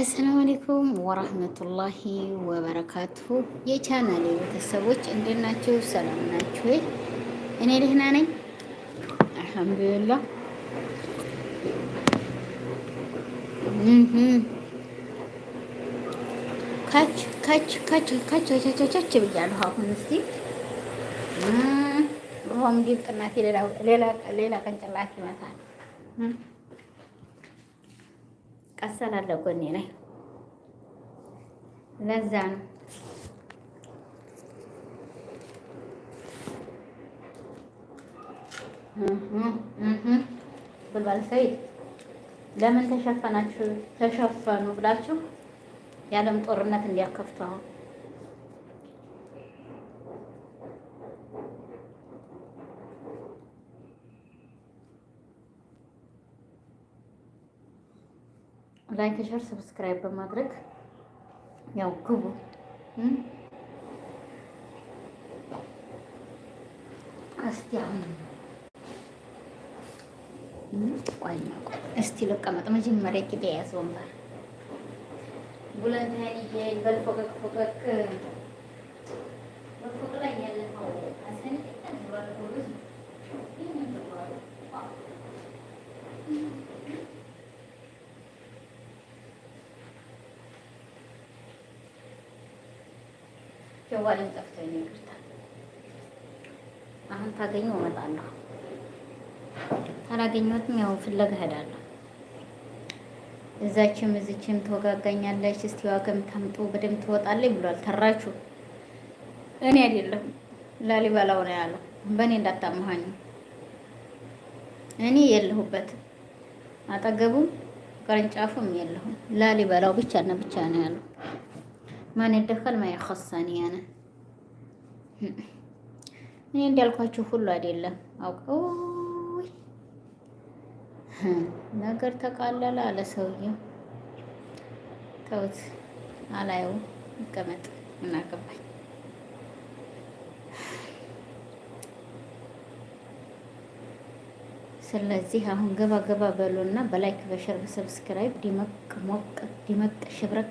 አሰላሙ አሌይኩም ወራህመቱላሂ ወበረካቱሁ የቻናሌ ቤተሰቦች እንዴት ናችሁ? ሰላም ናችሁ? እኔ ደህና ነኝ አልሐምዱሊላህ። ካች ብያለሁ። አሁን እስቲ ሮም ዲብ ቅናቴ ሌላ ቀን ይመታል። ቀሰላለ ጎኔ ላይ ለዛ ነው ብሏል ሰይድ። ለምን ተሸፈናችሁ ተሸፈኑ ብላችሁ የዓለም ጦርነት እንዲያከፍቱ አሁን ላይክ፣ ሸር፣ ሰብስክራይብ በማድረግ ያው ግቡ። እስቲ አሁን እስቲ ልቀመጥ። መጀመሪያ ቂቤ የያዘ ወንበር በል ጀዋልን ጠፍቶኝ ይቅርታ። አሁን ታገኘው እመጣለሁ። አላገኘሁትም፣ ያው ፍለጋ እሄዳለሁ። እዛችም እዚችም ተወጋጋኛለች። እስቲ ዋገም ታምጡ በደምብ ትወጣለች ብሏል። ተራችሁ እኔ አይደለም ላሊበላው ነው ያለው። በእኔ እንዳታመሃኝ፣ እኔ የለሁበትም፣ አጠገቡም ቅርንጫፉም የለሁም። ላሊበላው ብቻና ብቻ ነው ያለው። ማን ያደፈል ማ ያኸሳን ያነ እኔ እንዳልኳችሁ ሁሉ አይደለም። አውቀው ነገር ተቃለለ አለ ሰውዬው። ተውት አላየው ይቀመጥ እናገባኝ ስለዚህ አሁን ገባ ገባ በሉና በላይክ በሸር በሰብስክራይብ ዲመቅ ሞቅ ዲመቅ ሽብረቅ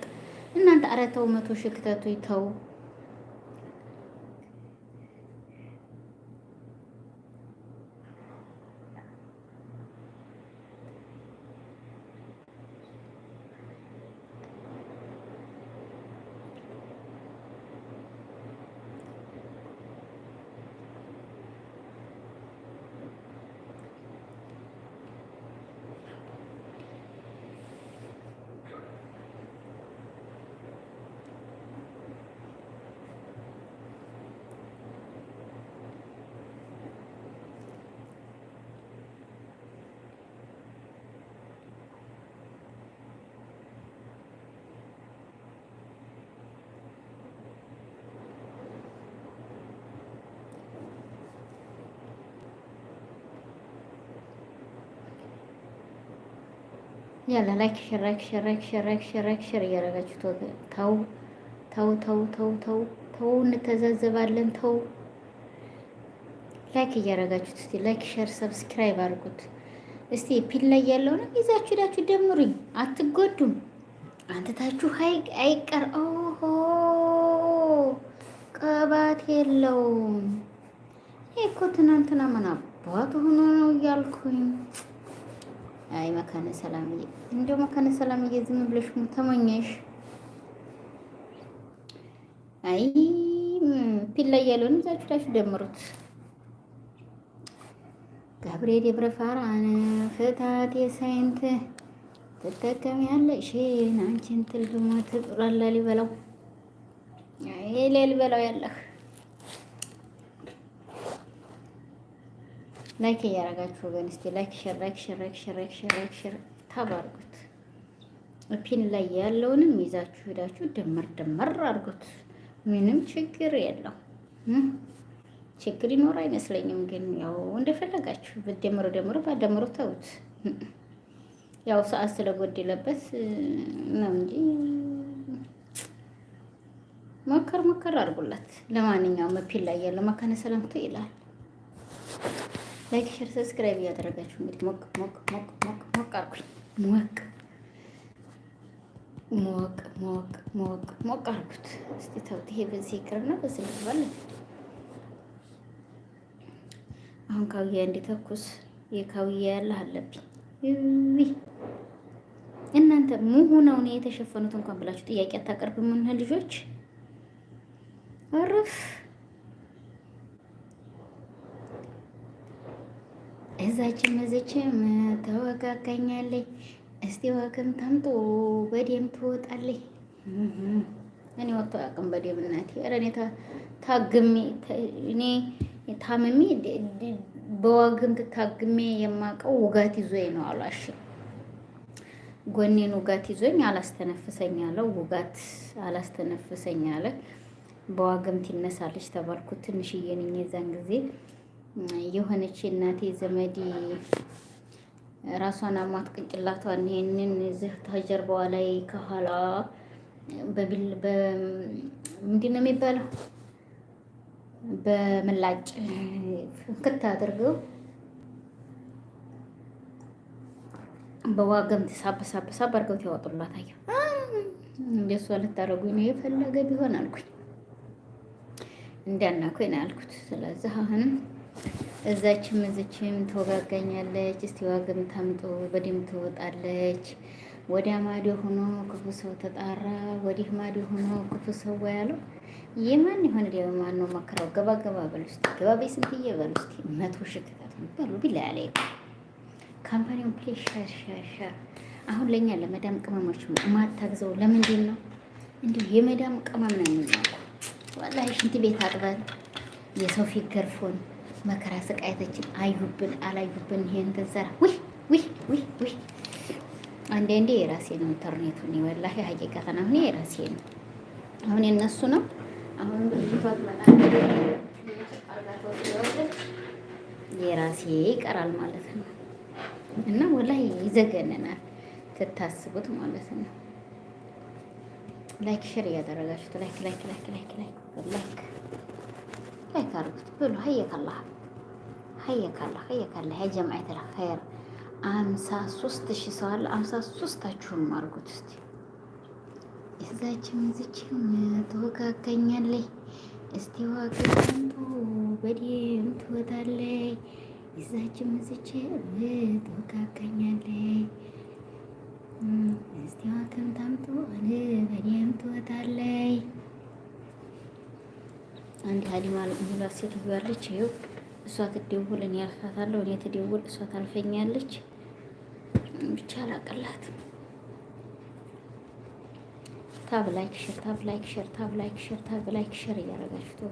እናንተ ኧረ መቶ ሽክተቱ ይተው። ያለ ላይክ ሸር ላይክ ሸር ላይክ ሸር ላይክ እያደረጋችሁ ተው ተው ተው ተው ተው ተው እንተዛዘባለን። ተው ላይክ እያደረጋችሁት እስቲ ላይክ ሸር ሰብስክራይብ አድርጉት እስቲ። ፒል ላይ ያለውን ይዛችሁ ሄዳችሁ ደምሩኝ፣ አትጎዱም። አንተታችሁ አይቀር ኦሆ ቅባት የለውም እኮ ትናንትና ምን አባት ሆኖ ነው እያልኩኝ አይ መካነ ሰላምዬ እንደው መካነ ሰላምዬ ዝም ብለሽ ተመኘሽ። አይ ፊት ላይ ያለውን እዛችሁ ዳችሁ ደምሩት። ገብርኤል የብረፋራን ፍታት የሳይንት ትጠቀሚያለሽ አንቺን ትልድሞ ትጥራላ ሊበላው ይሌ ሊበላው ያለህ ላይክ እያረጋችሁ ወገን እስቲ ላይክ ሼር ላይክ ሼር ላይክ ሼር ላይክ ሼር ላይክ ሼር ታባርጉት። ፒን ላይ ያለውንም ይዛችሁ ሄዳችሁ ድምር ድምር አድርጉት። ምንም ችግር የለው። ችግር ይኖር አይመስለኝም። ግን ያው እንደፈለጋችሁ ብትደምሩ ደምሩ ባደምሩ ተውት። ያው ሰዓት ስለጎደለበት ነው እንጂ ሞከር ሞከር አድርጉላት። ለማንኛውም ፒን ላይ ያለው መካነ ሰላምቱ ይላል። ላይክ፣ ሼር፣ ሰብስክራይብ እያደረጋችሁ እንግዲህ ሞቅ ሞቅ ሞቅ ሞቅ ሞቅ አርጉኝ። ሞቅ ሞቅ ሞቅ ሞቅ ሞቅ አርጉት። እስቲ ተውት። ይሄ በዚህ ይቅርና በዚህ ልትባለን አሁን ካውያ እንዲተኩስ የካውያ ያለህ አለብኝ። እናንተ ሙሁናው ነው የተሸፈኑት እንኳን ብላችሁ ጥያቄ አታቀርብም ልጆች አረፍ እዛችም እዚችም ተወጋጋኛለች። እስቲ ወግም ተምጦ በደም ትወጣለች። እኔ ወጥቶ አቅም በደም እናቴ፣ ኧረ እኔ ታግሜ እኔ ታምሜ ታግሜ የማውቀው ውጋት ይዞኝ ነው አሏሽ ጎኔን ውጋት ይዞኝ አላስተነፍሰኝ አለ። ውጋት አላስተነፍሰኝ አለ። በዋግምት ይነሳለች ትንሽዬ ነኝ የዛን ጊዜ የሆነች እናቴ ዘመዴ ራሷን አሟት ቅንጭላቷን ይሄንን እዚህ ከጀርባዋ ላይ ከኋላ በቢል ምንድን ነው የሚባለው በምላጭ ፍንክት አድርገው በዋገምት ሳበሳበሳ አድርገው ያወጡላታል። እንደሷ ልታደርጉኝ ነው የፈለገ ቢሆን አልኩኝ እንዳናኩኝ ነው ያልኩት። ስለዚህ አሁንም እዛችም እዚችም ትወጋጋኛለች። እስቲ ዋግም ታምጡ በደም ትወጣለች። ወዲያ ማዶ ሆኖ ክፉ ሰው ተጣራ፣ ወዲህ ማዶ ሆኖ ክፉ ሰው ያለው የማን ይሆን ዲያ ማን ነው መከራው? ገባ ገባ በል ውስጥ ገባ በይ ስንትዬ በል ውስጥ መቶ ሽክታት በሉ ቢላ ያለ ካምፓኒውን ፕሌስ ሻር ሻር ሻር። አሁን ለእኛ ለመዳም ቅመሞች ማታግዘው ለምንድን ነው? እንዲሁ የመዳም ቅመም ነው የሚያውቁ። ወላሂ ሽንት ቤት አጥበን የሰው ፊት ገርፎን መከራ ስቃየተችን አዩብን አላዩብን። ይሄን ተዘራ ውይ ውይ ውይ ውይ። አንዴ አንዴ የራሴ ነው ኢንተርኔቱን ወላሂ ሀቂቃተን አሁን የራሴ ነው። አሁን የነሱ ነው። አሁን የራሴ ይቀራል ማለት ነው። እና ወላሂ ይዘገንናል ትታስቡት ማለት ነው። ላይክ ሼር እያደረጋችሁት ላይክ ላይክ ላይክ ላይክ ላይክ ላይክ አድርጉት ብሎ ሀየከላህ ሀየካላ ሀየካላ ያ ልኸይር አምሳ ሶስት ሺ ሰው አለ። አምሳ ሶስታችሁም አድርጉት እስቲ እዛችም እዚችም ትወጋገኛለይ እስቲ ዋገንቱ በዲም ትወጣለይ እዛችም እዚችም ትወጋገኛለይ እስቲ ዋገምታምጡ ሆነ በዲም ትወጣለይ አንድ ሀሊማ ሚላ ሴትዮ ይኸው እሷ ትደውል እኔ አልፋታለሁ፣ እኔ ትደውል እሷ ታልፈኛለች። ብቻ አላቅላት ታብ ላይክ ሼር ታብ ላይክ ሼር ታብ ላይክ ሼር ታብ ላይክ ሼር እያደረጋችሁ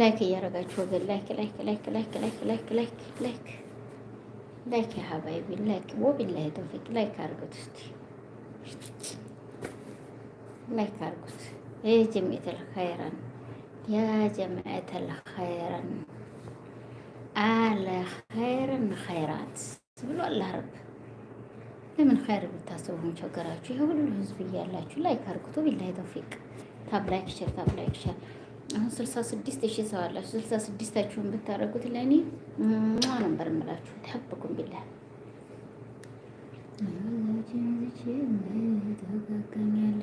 ላይክ እያደረጋችሁ ወገን ላይክ ላይክ ላይክ ላይክ ላይክ ላይክ ላይክ ላይክ ላይክ የሀባይቢ ላይክ ወቢላሂ ተውፊቅ ላይክ አድርጉት፣ እስኪ ላይክ አድርጉት። ይህ ጀምዒተል ኸይረን ያ ጀምዒተል ኸይረን አለ ኸይረን ኸይራት ብሎ አላርብ ለምን ኸይር ብታስቡም ቸገራችሁ? ይህ ሁሉ ህዝብ እያላችሁ ላይክ አድርጉት። ወቢላሂ ተውፊቅ ታብ ላይክ ሸር ታብ ላይክ ሸር አሁን ስልሳ ስድስት ሺህ ሰው አላችሁ። ስልሳ ስድስታችሁን ብታደርጉት ለእኔ ነበር የምላችሁ። ተብኩም ቢላ ተጋገኛለ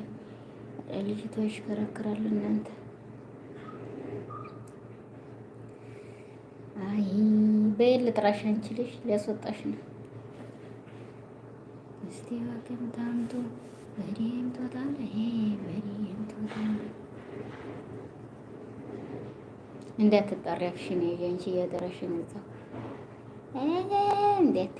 ልጅቷ ይሽከረክራል። እናንተ አይ በየለ ጥራሽ አንቺ ልጅ ሊያስወጣሽ ነው። እስቲ ዋቅም ታምቶ በደምቶታል ይሄ እንዳትጠሪያክሽን ያንቺ እያደረሽን እዛ እንዴት